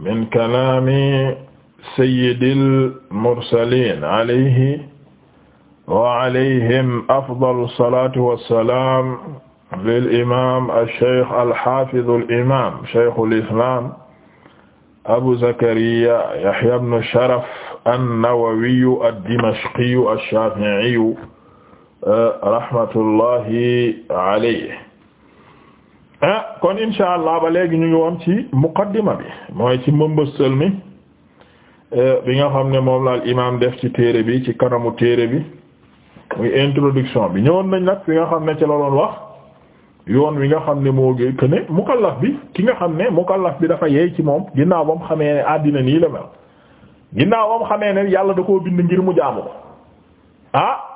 min kalaami sayyidil mursaliin alayhi wa alayhim afdalu salaatu wa salaam lil imaam ash-shaykh al-haafiz al-imaam shaykhul islaam abu zakariya yahya ibnu sharaf an-nawawiyyu ad-dimashqiyyu ash-shaafi'iyyu rahmatullahi alayhi ah kon insha allah ba léegi ñu ngi woon ci muqaddima bi mooy ci mëmbëstal mi eh, bi nga xam ne moom laal imaam def ci téere bi ci kanamu téere bi muy introduction bi ñëwoon nañ nag fi nga xam ne ci la doon wax yoon wi nga xam ne moo gën que ne mukallaf bi ki nga xam ne mukallaf bi dafa yeey ci moom ginnaaw ba xamee ne àddina nii la mel ginnaaw ba xamee ne yàlla da koo bind ngir mu jaamu ko ah.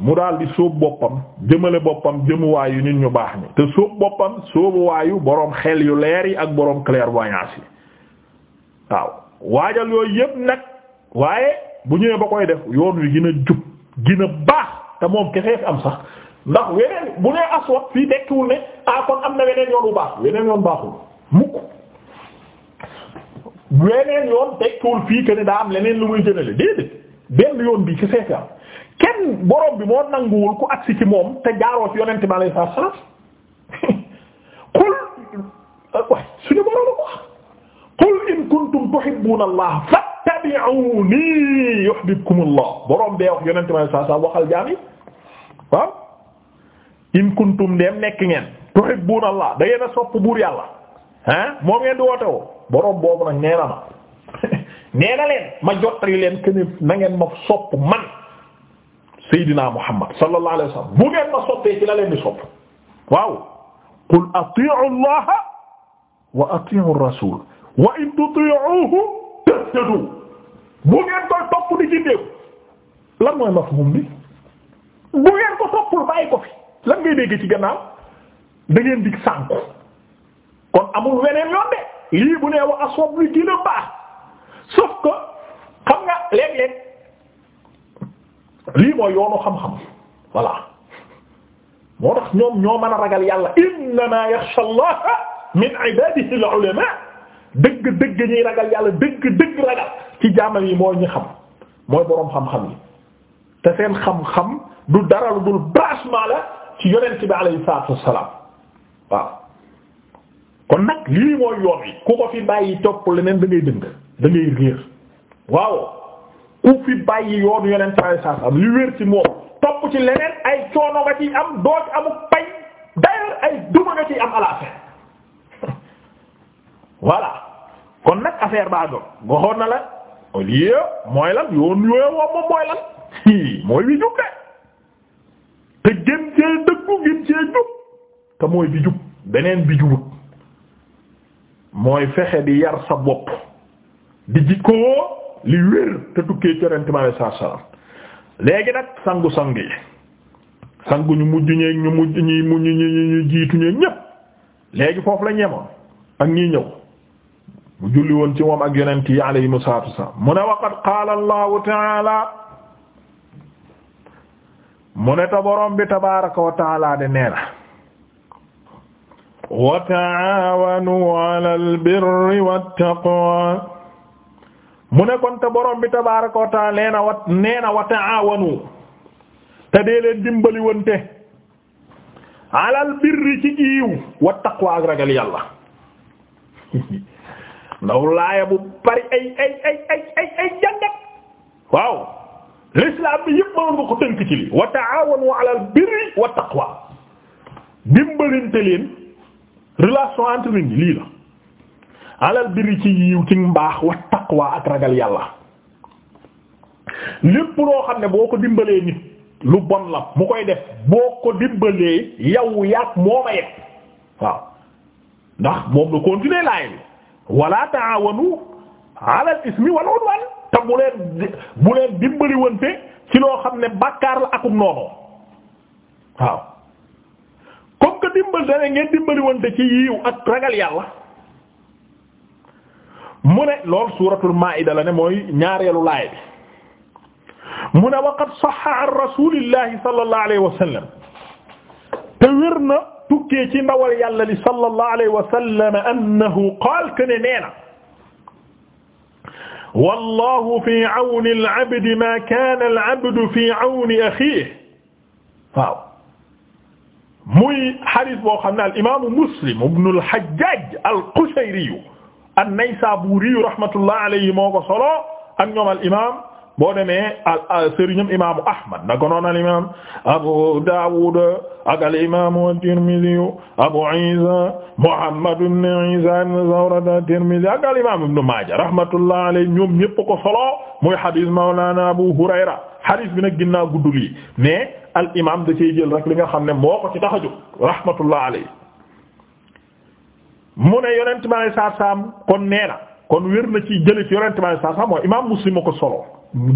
mu daal di sóob boppam jëmale boppam yu nit ñu baax ñi te sóob boppam sóobuwaayu boroom xel yu leer yi ak boroom clairvoyance yi waaw waajal yooyu yëpp nag waaye bu ñëwee ba koy def yoon wi gën a jub gën a baax te moom kese fi am sax ndax weneen bu nee aswat fii dekkiwul ne ah kon am na weneen yoon wu baax weneen yoon baaxul mukk weneen yoon dekkiwul fii que ne daa am leneen lu muy jënale déedéet benn yoon bi kese fi am kenn borom bi moo nanguwul ku agsi ci moom te jaaroo ci yonent bi alayhi salaam qul euh, suñu borom ko qul in kuntum tuhibbuna allah fattabi'uni yuhibbukum allah borom bee wax yonent bi salaam waxal jaami in kuntum dem nekk ngeen tuhibbuna allah da ngeen a sopp buur yàlla ah moom ngeen di woote woo borom boobu nag nee ma nee leen ma jottali leen que ni na ngeen sopp man. Seydina Muhammad sallallahu alayhi wa sallam bu ngeen ma soppee ci la leen di sopp waaw qul atii'u allaha wa atii'u rasul wa in tuti'uhu tahtadu bu ngeen koy topp di gindeeku lan mooy mafhum bi bu ngeen ko toppul bàyyi ko fi lan ngay dégg ci gannaaw da ngeen dig sànku kon amul weneen yoon de lii bu nee wa aswab li gën a baax sauf que xam nga léeg-léeg lii mooy yoonu xam-xam voilà moo tax ñoom ñoo mën a ragal yàlla innama yaxsha allah min ibadihi al ulama dëgg ñuy ragal yàlla dëgg dëgg ragal ci jaamal yi mooy ñi xam mooy boroom xam-xam xam-xam du dara lu dul ci yonent bi alayhi salaatu kon nag lii mooy yoon ku ko fi bàyyi topp leneen da ngay dëng da ngay réer waaw ku fi bàyyi yoonu yeneen saa yi am li wér ci moom topp ci leneen ay coono nga ciy am doo amuk pay d'ailleurs ay duma nga ciy am à la kon nag affaire baa doon waxoon na la au mooy lan yoon yooyu moom moom mooy lan mooy bi jub de te gën cee dëggu gën cee jub te mooy bi jub beneen bi jubut mooy fexe di yar sa bopp di jikkoo li wér te tukkee corante ma saa salaam léegi nag sangu sang yi sangu ñu mujj ñu ñi mu ñu ñu jiitu ñeeg ñépp léegi foofu la ñemoon ak ñi ñëw mu julli woon ci moom ak yonent yi alayhimu salaatu wassalaam mu ne waqad qaala allahu taala mu ne ta borom bi tabaaraka wa taala de nee na wa taawanu ala albirri wattaqwa mu ne kon te borom bi tabaaraka wa ta'ala nee na wa nee na te dee leen dimbali alal birri ci giiw wa taqwa ak ragal yàlla ndaw laaya bu bari ay ay ay ay ay waaw l'islam bi yëpp mënoon nga ko tënk ci li wa alal birri wa taqwa dimbalinte leen relation entre nit lii la alal birri ci yiw ci mbaax wa taqwa ak ragal yàlla lépp loo xam ne boo ko dimbalee nit lu bon la mu koy def boo ko dimbalee yow yàq moo ma yet waaw ndax moom la continuer laay bi ta'awanu ala ismi wal udwan te bu leen bu leen dimbali ci loo xam ne bàkkaar la akum noonu waaw comme que dimbal dane ngeen dimbali wante ci yiw ak ragal yàlla mu ne lool suuratul maa'ida la ne mooy ñaareelu laay bi mu ne waqad sahha an rasuulillahi sallallahu alayhi wa sallam te wér na tukkee ci ndawal yàlla li sallallahu alayhi wa sallam annahu qaal kaana nee na wallahu fi awni al-abdi ma kaana al-abdu fi awni axiihi waaw muy hadiis boo xam ne al-imaamu Muslim ibnu al-Hajjaaj al-Qushayri an-Naysaburi rahmatullah alayhi moo ko solo al imaam boo demee al sëriñam imaamu Ahmad na ko noon al imaam Abu Dawud ak al imaamu at-Tirmidhi Abu Isa Muhammad ibn Isa ibn Zawra at-Tirmidhi ak al imaam Ibn Majah rahmatullah alayhi ñoom ñépp ko solo muy hadith Mawlana Abu Hurayra hadith bi nag ginnaaw guddul yi mais al imaam da cey jël rek li nga xam ne moo ko ci tax a jóg rahmatullah mu ne yonent bi alayhi salaatu salaam kon nee na kon wér na ci jële ci yonent bi alayhi salaatu salaam mooy imaam Muslim a ko solo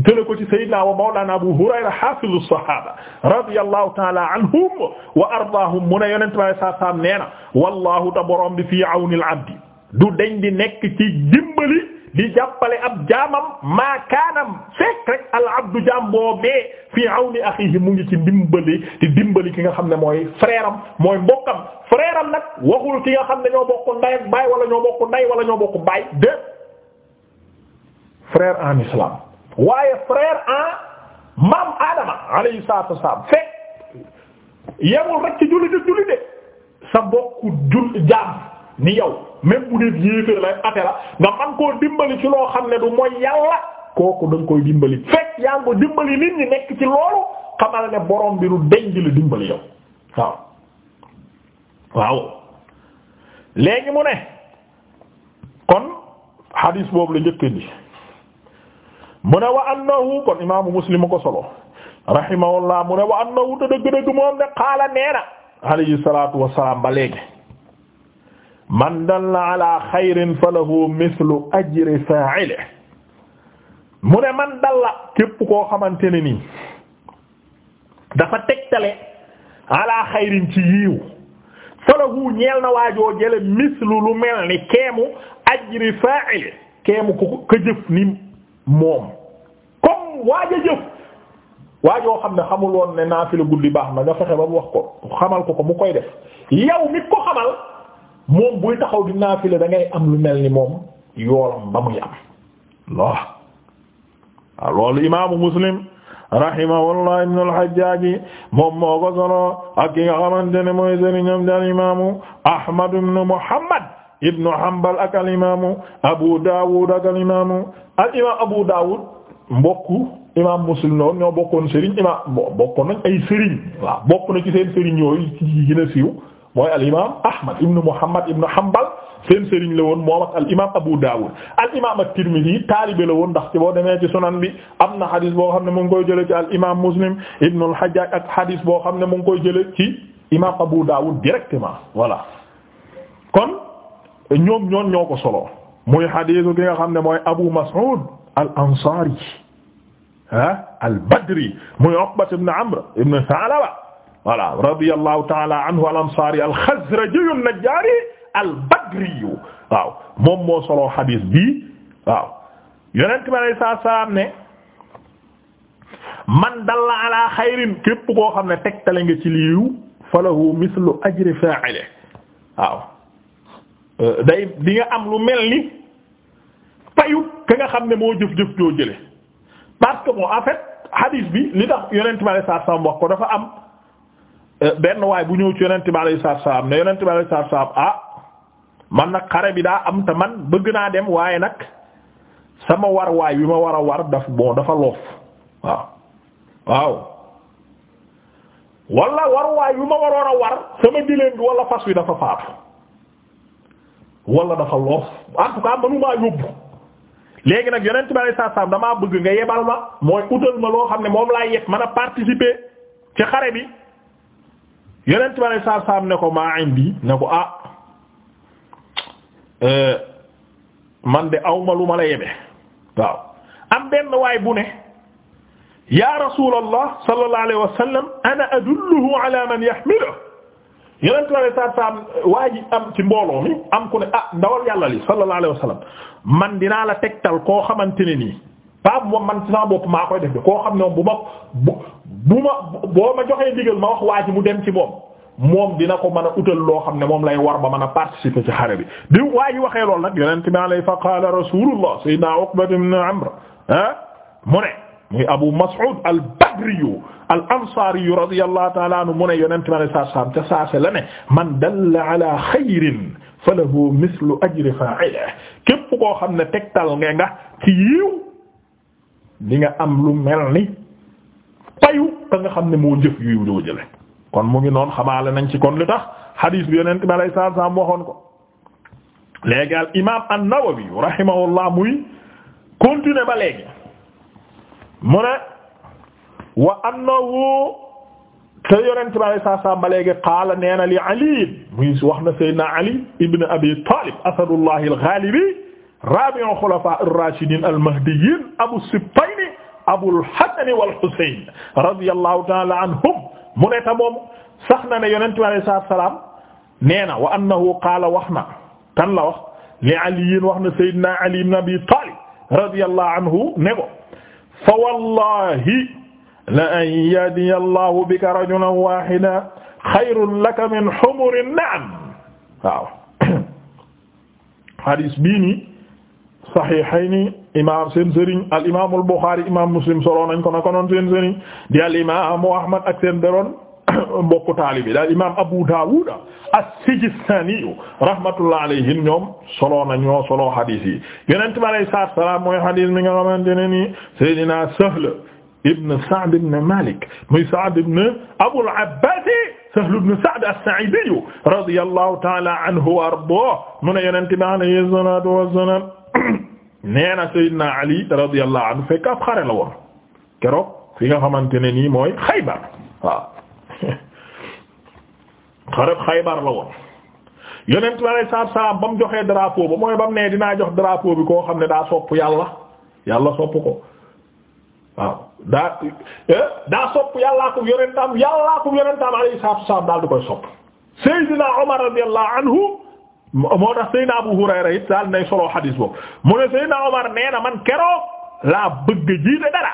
jële ko ci sayyidina wa mawlana Abu Hurayra hafizu sahaba radiyallahu ta'ala anhum wa ardaahum mu ne yonent bi alayhi salaatu salaam nee na wallahu ta borom bi fii awnil abdi du deñ di nekk ci dimbali di jàppale ab jaamam maakaanam fekk rek al abdu jaam boobee fi awni mu ngi ci dimbali di dimbali ki nga xam ne mooy frère mooy mbokkam frère am nag waxul ki nga xam ne ñoo bokk nday baay wala ñoo bokk nday wala ñoo bokk baay de frère en islam waaye frère en maam Adama alayhi salaatu wassalaam fekk yemul rek ci julli de julli de sa bokku jul jaam. ni yow même bu dee yéeféer lay ate la nga man koo dimbali ci loo xam ne du mooy yàlla kooku da koy dimbali fekk yaa ngi dimbali nit ñi nekk ci loolu xamal ne borom bi du denc la dimbali yow waaw waaw léegi mu ne kon hadis boobu la njëkk mu ne wa annahu kon imaamu muslim ko solo rahimahullah mu ne wa annahu te dëgg-dëgg moom ne qaala nee na alayhi salaatu wa salaam ba léegi. man dalla ala xayrin falahu mithlu ajri fa'ilihi mu ne man la képp koo xamante ne nii dafa tegtale ala xayrin ci yiiw falahu ñeel na waajoo jële mislu lu mel ni keemu ajri fa'ili keemu ku ko jëf ni moom comme waaja jëf waajoo xam ne xamul woon ne naafila guddi baax na nga fexe ba mu wax ko xamal ko ko mu koy def yow mi ko xamal moom buy taxaw di naafila da am lu mel ni moom yoolam ba muy am lool waaw ah, loolu imaamu muslim rahimahullah ibn al-Hajjaj moom moo ko solo ak ki nga xamante ne mooy sëriñam daal imaamu Ahmad ibn Muhammad ibn Hanbal ak al imaamu Abu Dawud ak al imaamu al imaam Abu Dawud mbokku imaam Muslim noonu ñoo bokkoon sëriñ imaam bokkoon nañ ay sëriñ waaw bokk na ci seen sëriñ yooyu gën a siiw mooy al imaam Ahmad ibn Muhammad ibn Hanbal seen sëriñ la woon moom ak al imaam Abu Dawud al imaam at-Tirmidhi taalibe la woon ndax demee ci sunan bi am na xadis boo xam ne mu ngi koy jëlee ci al imaam Muslim ibn al-Hajjaj ak xadis boo xam ne mu ngi koy jëlee ci imaam Abu Dawud directement voilà kon ñoom ñoon ñoo ko solo muy xadisu ki nga xam ne mooy Abu Mas'ud al-Ansari ah al-Badri muy Uqbat ibn Amr ibn Thalaba voilà radiyallahu ta'ala anhu al-ansari al-khazraji an waaw moom moo soloo xadis bi waaw yonent bi alayhi salaam ne man dalla ala xayrin képp koo xam ne tegtale nga ci liiw falahu mislu ajri fa'ilihi waaw euh, day di nga am lu mel ni payu ka xam ne moo jëf-jëf joo jële parce que bon en fait xadis bi li tax yonent bi alayhi salaam wax ko dafa am benn waay bu ñëw ci yonent bi alayhi salaam ne yonent bi alayhi salaam ah man nag xare bi daa am te man bëgg naa dem waaye nag sama war waay wi ma war a war daf bon dafa loof waaw waaw war waay wi ma waroon a war sama jëleen bi wala fas wi dafa faatu wala dafa loof en manumaa yóbbu léegi nag yonent bi alayhi salaam damaa bëgg nga yebal ma mooy utal ma loo xam ne moom laa yeb mën a participer ci xare bi yonent bi alei saatu salaam ne ko maa indi ne ko ah euh, man de awma lu ma la yebe waaw am benn waay bu ne ya rasulallah sallallahu alayhi wa sallam ana adulluhu ala man yahmiluhu yonent bi alei saatu salaam waa ji am ci mbooloo mi am ku ne ah ndawal yàlla li sallallahu alayhi wa sallam man dinaa la tegtal koo xamante ne nii pas moom man ci sama bopp maa de koo xam ne moom bu ma bu bu ma boo ma joxee ndigal ma wax waa mu dem ci moom moom dina ko mën a utal loo xam ne moom lay war ba mën a participer ci xare bi bi waa ji waxee loolu nag yonent bi alayhi fa qaala rasulullah sayyidina Uqba ibn Amr ah mu ne muy Abu Mas'ud al-Badri al-Ansari radiyallahu ta'ala anhu mu ne yonent bi alayhi saase la ne man dalla ala xayrin falahu mislu ajri fa'ilihi képp koo xam ne tegtal tal nga ci yiw di nga am lu mel ni payu ka nga xam ne moo jëf yu doo jële kon mu ngi noon xamaale nañ ci kon li tax xadiis bi yonent bi alay salaam salaam waxoon ko léegi al imaam an-Nawawi rahimahullah muy continuer ba léegi mu ne wa annahu te yonent bi alay salaam qaala nee na li Ali muy wax na Seydina Ali ibn Abi Talib asadullahi al-Ghalibi rabi'u khulafa ar-rashidin al-mahdiyyin abu sibtayni abul hasan wal husayn radiyallahu ta'ala anhum mu ne ta moom sax na ne yonent bi alayhi salaatu wa salaam nee na wa annahu qaala wax na kan la wax li aliyin wax na sayyidina ali ibn abi talib radiyallahu anhu ne ko fa wallahi la an yahdiya allahu bika rajulan wahidan xayrun laka min humuri na'am waaw hadis bii nii saxiixayni imaam seen sëriñ al imaamul Buxaari imaam Muslim solo nañ ko na ko noon seen sëriñ di al imaamu Ahmad ak seen beroon mbokku taalibi daal imaam Abu Dawud as-Sijistani rahmatullah alayhim ñoom solo na ñoo solo hadith yi yonent bi alayhi salaatu wa salaam mooy hadith mi nga xamante ne nii Seydina Sahl ibn Sa'd ibn Malik muy Sa'd ibn Abul Abbas Sahl ibn Sa'd as-Sa'idi radiyallahu ta'ala anhu wa ardaahu mu ne yonent bi alayhi salaatu wa salaam nee na Seydina Ali radiyallahu anhu fekk ab xare la woon keroog fi nga xamante ne nii mooy Xaybar waaw xare Xaybar la woon yonent bi alayhi ba mu joxee drapeau ba mooy ba mu nee dinaa jox drapeau bi koo xam ne daa sopp yàlla yàlla sopp ko waaw daa eh, daa sopp yàllaa ko yonentam yàllaa ko yonentam alayhi salaatu daal di koy sopp Seydina Omar radiyallahu anhu moo tax Seydina Abu Hurayra it daal nay solo xadis boobu mu ne Seydina Omar nee man keroog laa bëgg jiite dara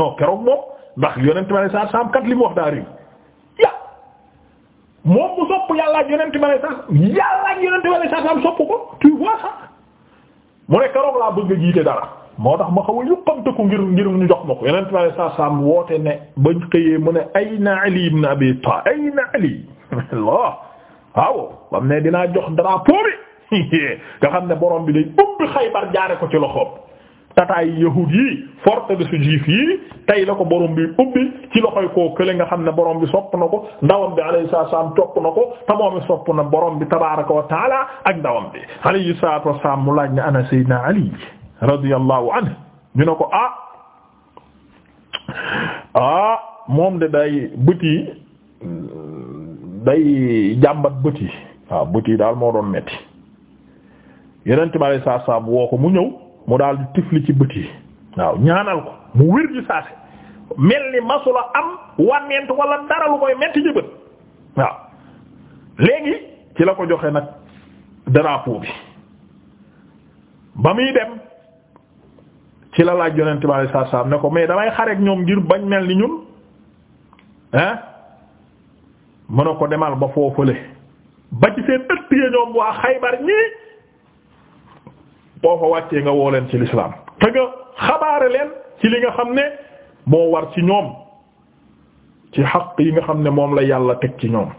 non keroog moom ndax yonent ma ne saa saam kat li wax daa ya moom mu sopp yàlla ak ma ne saa saam sopp ko tu vois ça mu ne keroog laa bëgg jiite dara moo tax ma xaw a yëkkamte ko ngir ngir ñu jox ma ko ma ne saa saam woote ne bañ xëyee mu ne ayna Ali ibn Abi Talib ayna Ali waaw bam ne dinaa jox drapeau bi nga xam ne borom bi day ubbi Xaybar jaare ko ci loxoom tataay yahuud yi forteresse juif yi tey la ko borom bi ubbi ci loxoy koo kële nga xam ne borom bi sopp na ko ndawam bi alayhi salaatu wassalaam topp ko te moom it borom bi tabaaraka wa ak ndawam bi alayhi salaatu wassalaam mu laaj ne ana Seydina Ali radiyallahu ñu ne ko ah ah moom de day bët yi day jàmbat bët yi waaw bët yi daal moo doon metti yeneen ma saab woo ko mu ñëw mu daal di tifli ci bët yi waaw ñaanal ko mu wér ji saase mel ni masula am wànnent wala dara lu koy metti ji bët waaw léegi ci la ko joxe nag drapeau bi ba muy dem ci la laaj yonent bi alayhi ne ko mais damay xareek ñoom ngir bañ mel ni ñun ah mën a ko demal ba foofale ba ci seen ëtt ñoom waa xaybar ñii boo fa wàccee nga woo leen ci lislaam te nga xabaare leen ci li nga xam ne moo war ci ñoom ci xaq yi nga xam ne moom la yàlla teg ci ñoom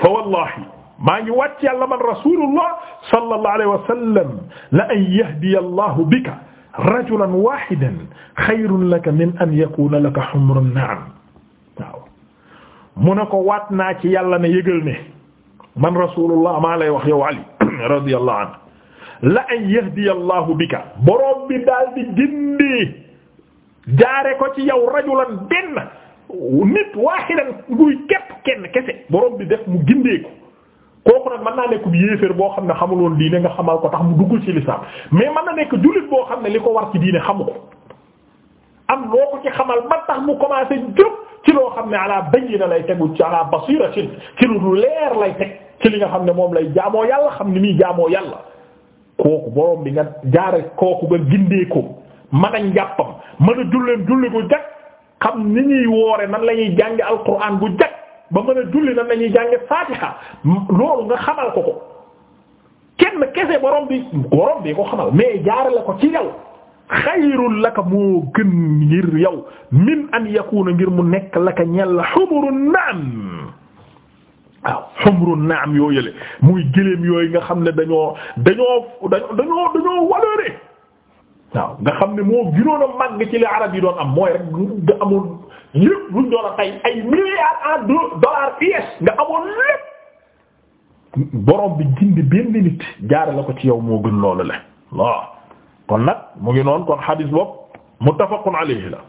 fa wallahi maa ngi wàcc yàlla man rasulullah sallallahu alayhi wa sallam la an yahdiya allahu bika rajulan wahidan xayrun laka min an yakuna laka humrun na'am mu ne ko waat naa ci yàlla ne yëgal ne man rasulullah maa lay wax yow ali radiyallahu anhu la an yahdiya allahu bika boroom bi daal di gindi jaare ko ci yow rajulan benn nit waahidan nguy képp kenn kese boroom bi def mu gindee ko kooku nag mën naa nekk yéeféer boo xam ne xamuloon diine nga xamal ko tax mu duggul ci lislaam mais man na nekk jullit boo xam ne li ko war ci diine xamu ko am loo ko ci xamal ba tax mu commencé jóg ci loo xam ne ala bayyina lay tegu ci ala basiratin ci lu leer lay teg ci li nga xam ne moom lay jaamoo yàlla xam ni muy jaamoo yàlla kooku borom bi nga jaare kooku nga gindee ko mën a njàppam mën a julleen julli gu jag xam ni ñuy woore nan la ñuy jànge alquran gu jag ba mën a julli nan la ñuy jànge fatiha loolu nga xamal ko ko kenn kese borom bi borom bi ko xamal mais jaare la ko ci yow xayrul laka moo gën ngir yow min an yakuna ngir mu nekk laka ñella xumru naam waaw xumru naam yoo yële muy gëléem yooyu nga xam ne dañoo dañoo dañoo nga xam ne moo gënoon a ci li arab yi doon am mooy rek nga amul lépp luñ doon a tey ay milliards en dollars US nga amoon lépp borom bi jindi benn nit la ko ci yow moo gën loolu la waaw kon nag mu ngi noonu kon xadis boobu muttafaqun alayhi la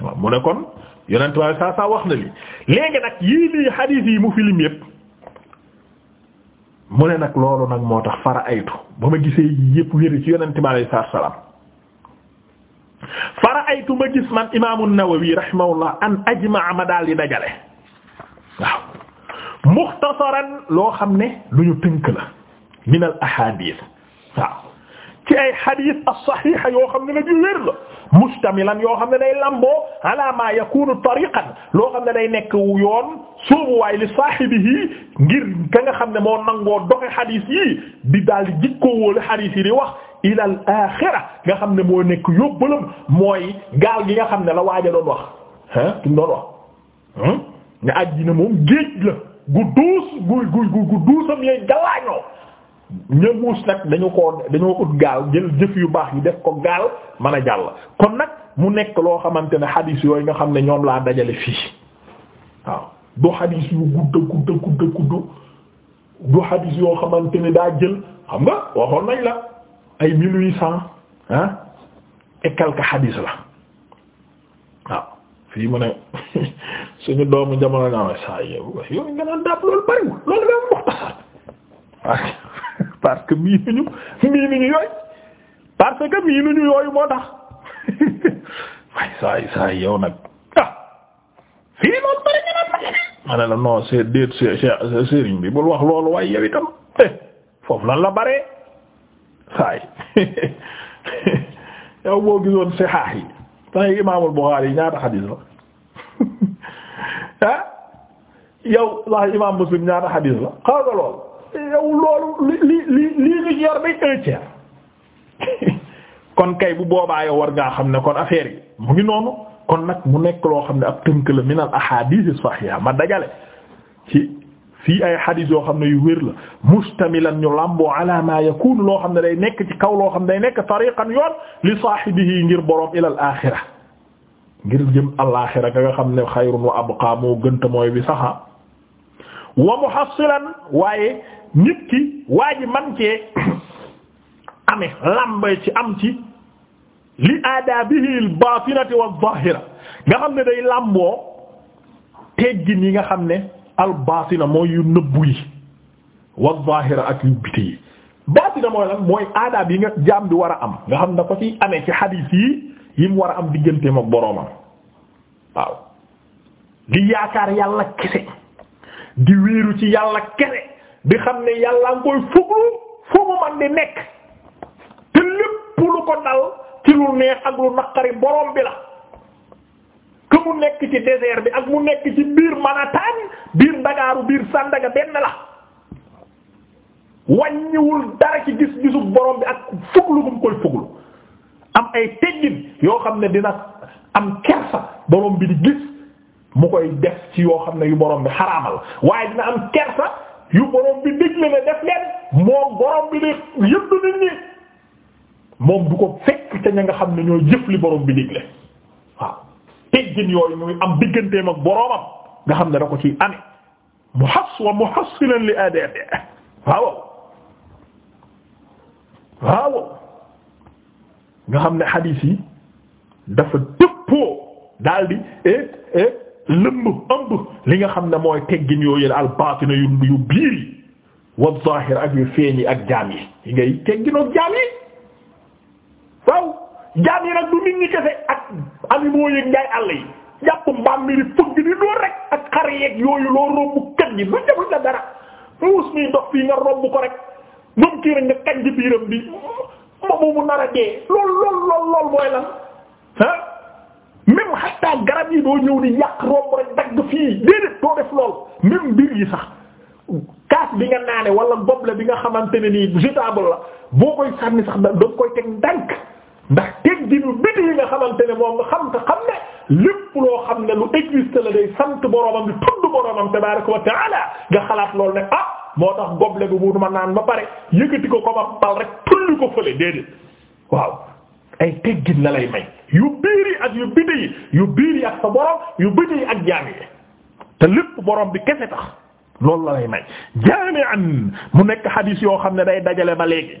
waaw mu ne kon yonent waaye saa saa wax na li léegi nag yii nii xadis yi mu filim yëpp mu ne nag loolu nag moo tax fara aytu ba ma gisee yëpp wéri ci yonent bi alayhi salaam fara aytu ma gis man imaamu Nawawi rahimahullah an ajmaa ma daal di dajale waaw muxtasaran loo xam ne lu ñu tënk la min al ahadith waaw ci ay xadis as-saxiixa yoo xam ne nag yu wér mustamilan yoo xam ne day lamboo ala ma yakunu tariqan loo xam ne day nekk yoon sóobuwaay li saahibihi ngir ka xam ne moo nangoo doxe xadis yi di daal di jikkoo wóolu yi di wax ila al axira nga xam ne moo nekk yóbbalam mooy gaal gi nga xam ne la waaja doon wax ah ki mu doon wax ah nga àjjina moom géej la gu galaañoo ña nag dañu ko dañoo ut gaal jël jëf yu baax yi def ko gaal mën a jàll kon nag mu nekk loo xamante ne xadiis yooyu nga xam ne ñoom laa dajale fii waaw du xadiis yu gudda gudda gudda gudd du xadiis yoo xamante ne daa jël xam nga waxoon nañ la ay mille huit cent ah et xadiis la waaw fii mu ne suñu doomu jamono naa ma saa yow yow nga naan daal loolu bariwul loolu nga muxtasar parce que mii nuñu mii nuñu yooyu parce yooyu moo tax waaye saay saay yow nag ah fii loolu bari ñu naan ma ma ne la non c'est déet c'est sëriñ bi bul wax loolu waaye yow itam eh, foofu lan la bare saay yow boo gisoon sexaax yi sax imaamul Buxaari ñaata xadiis la ah yow sax imaam Muslim ñaata xadiis la xaaral lool yow loolu li li lii ñu yor bi un tiers kon kay bu boobaa yow war ngaa xam ne kon affaire yi mu ngi noonu kon nag mu nekk loo xam ne ab tënk la min al ahadith sahiha ma dajale ci fii ay hadith yoo xam ne yu wér la mustamilan ñu làmboo ala ma yakunu loo xam ne day nekk ci kaw loo xam ne day nekk tariqan yoon li saahibihi ngir boroom ila al axira ngir jëm al axira ka nga xam ne xayrun wa abqa moo gënta mooy bi saxa wa muhassilan waaye nit ki waa ji man cee amee lambay ci am ci li aadaabihi al-baatinati waz-zaahira nga xam ne day lamboo teggin yi nga xam ne al-baatina mooy yu nëbbu yi waz-zaahira ak yu biti yi baatina mooy lan mooy aadaab yi nga jaam bi war a am nga xam ne ko ci amee ci xadiis yi yi mu war a am digganteem ak boroomam waaw li yaakaar yàlla kese. di wéeru ci yàlla kene di xam ne yàlla nga koy fuglu fu mu man di nekk te lépp lu ko dal ci lu neex ak lu naqari borom bi la que nekk ci désert bi ak mu nekk ci biir Manhattan biir Ndakaaru biir Sandaga benn la wàññiwul dara ci gis-gisu borom bi ak fuglu bu mu koy fuglu am ay teggin yoo xam ne dina am kersa borom bi di gis mu koy def ci yoo xam ne yu borom bi xaraamal waaye dina am kersa yu borom bi digle ne def leen moom borom bi de yëddu nit ñi moom du ko fekk ca ña nga xam ne ñoo jëf li borom bi digle waaw teggin yooyu muy am digganteem ak boromam nga xam ne da ko ci ame mu xas wa mu xasilan li adaabe waaw waaw nga xam ne xadiis yi dafa dëppoo daldi eh eh lëmb ëmb li nga xam ne mooy teggin yoo yële albatina yu yu biir yi wa zahir ak yu feeñ ak jaam yi yi ngay tegginoog jaam yi waaw jaam yi nag du nit ñi kese ak animaux yëg njaay àll yi jàpp mbaam mi di fëgg di door rek ak xar yeeg yooyu loo romb kat gi lu jabul la dara muus mi dox fii nga romb ko rek moom kii rek nga kaj biiram bi moomu mu dee lool lool lool mooy lan ah même xatta garab yi doo ñëw di yàq romb rek dagg fii déedéet doo def lool même mbir yi sax kaas bi nga naane wala goble bi nga xamante ne nii jetable la boo koy sànni sax da nga koy teg ndànk ndax teg gi lu biti yi nga xamante ne moom nga xam te xam ne lépp loo xam ne lu existe la day sant boromam di tudd boromam tabaarak wa taala nga xalaat lool ne ah moo tax goble bi bu ma naan ba pare yëkkati ko ko ma pal rek tulli ko fële déedéet waaw. ay teggin la lay may yu biir yi ak yu biti yi yu biir yi ak sa borom yu biti yi ak jaam te lépp boroom bi kese tax loolu la lay may jaami'an mu nekk xadiis yoo xam ne day dajale ba léegi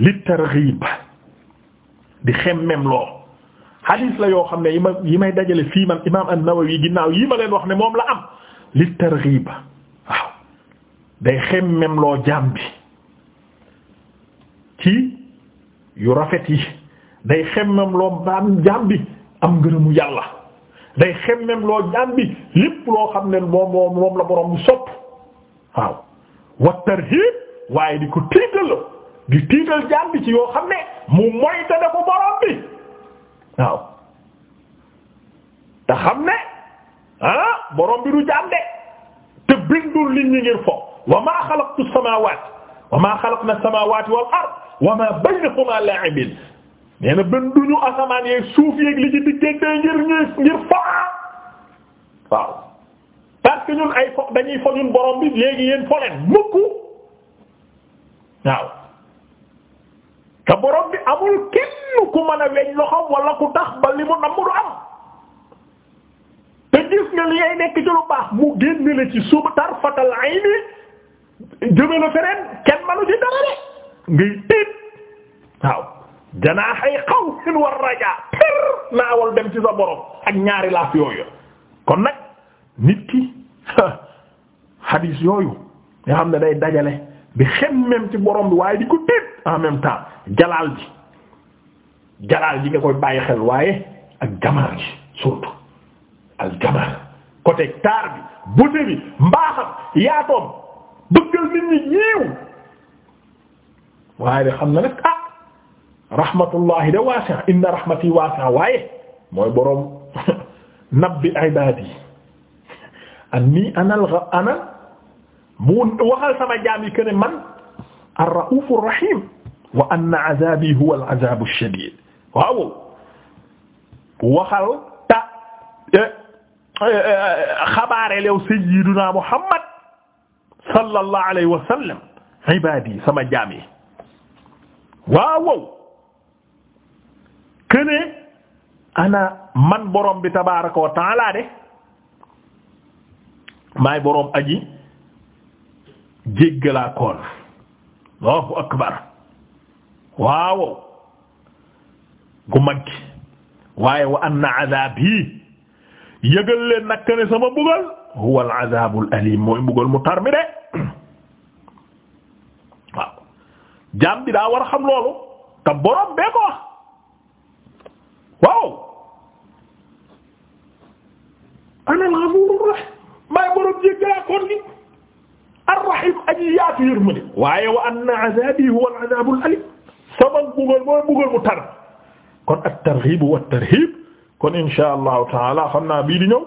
li targhib di xemmem loo xadiis la yoo xam ne yi ma yi may dajale fii man imaam an-Nawawi ginnaaw yi ma leen wax ne moom la am li targhib waaw day xemmem loo jaam bi ci yu rafet yi day xemmem loo baam jaam bi am ngërëmu yàlla day xemmem loo jaam bi lépp loo xam ne moom moom moom la borom sopp waaw wa tarhib waaye di ko tiital di tiital jaam bi ci yoo xam ne mu moyta ne ko borom bi waaw te xam ne ah borom bi du jaam de te bindul nit ñi ngir fo wa ma xalaqtu samawat wa ma xalaqna samawati wal ard wa ma baynahuma la'ibin nee na bënduñu asamaan yeeg suuf yeeg li ci diggante ngir ngir fa waaw parce ñun ay fo dañuy fo ñun borom bi léegi yéen fo leen mukk waaw te borom bi amul kenn ku mën a weñ loxo wala ku tax ba li mu namm am te gis nga li ngay nekk ci lu baax mu génne la ci suba tarfatal ayni jëme la feneen kenn manu ci dara de ngay tiit waaw. janaaxay xawfin war rajaa tër naawal dem ci sa borom ak ñaari laaf yooyu kon nag nit ki hadis yooyu nga xam ne day dajale bi xemmem ci borom bi waaye di ko téet en même temps jalaal ji jalaal ji nga koy bàyyi xel waaye ak jamaar ji surtout al jamaar côté taar bi beauté bi mbaaxam yaatoom bëggal nit ñi yiiw waaye de xam na nag ah, rahmatullahi da waasi' inna rahmati waasi' waaye mooy boroom nabbi ibaadi anni anal ana mu waxal sama jaam yi ken man ar-ra'uufur rahiim wa anna azaabi huwa al-azaabu ash-shadiid waaw waxal ta eh, eh, xabaare lew sayyidina Muhammad sallallahu alayhi wa sallam ibaadi sama jaam yi waaw këne ana man borom bi tabaaraka wa ta'ala de maay borom aji jéggalaa koon Allahu akbar waaw gu mag waaye wa anna adaabi yëgal leen nag këne sama mbugal huwa al adaabul aliim mooy mbugal mu tar mi de waaw jaam bi daa war a xam loolu te borom bee ko wax waaw ana al-Ghafuur ar-Rahiim maay borom jéggalaa koon gi ar-Rahiim aji yaatu yërmande waaye wa anna azaabii huwa al-azaab al-aliim sama mbugal mooy mbugal mu tar kon at-targhiib wa at-tarhiib kon inshaa Allahu ta'aala xam naa bii di ñëw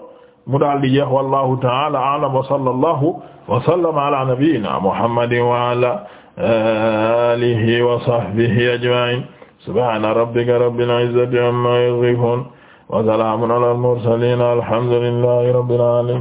mu daal di jeex wallaahu ta'aala a'lam wa sallallaahu wa sallama alaa nabiyyinaa Muhammadin wa alaa aalihi wa sahbihi ajma'iin subhaana rabbika rabbil izzati amma yasifun wa salaamun alal mursaliin alhamdulillahi rabbil aalamiin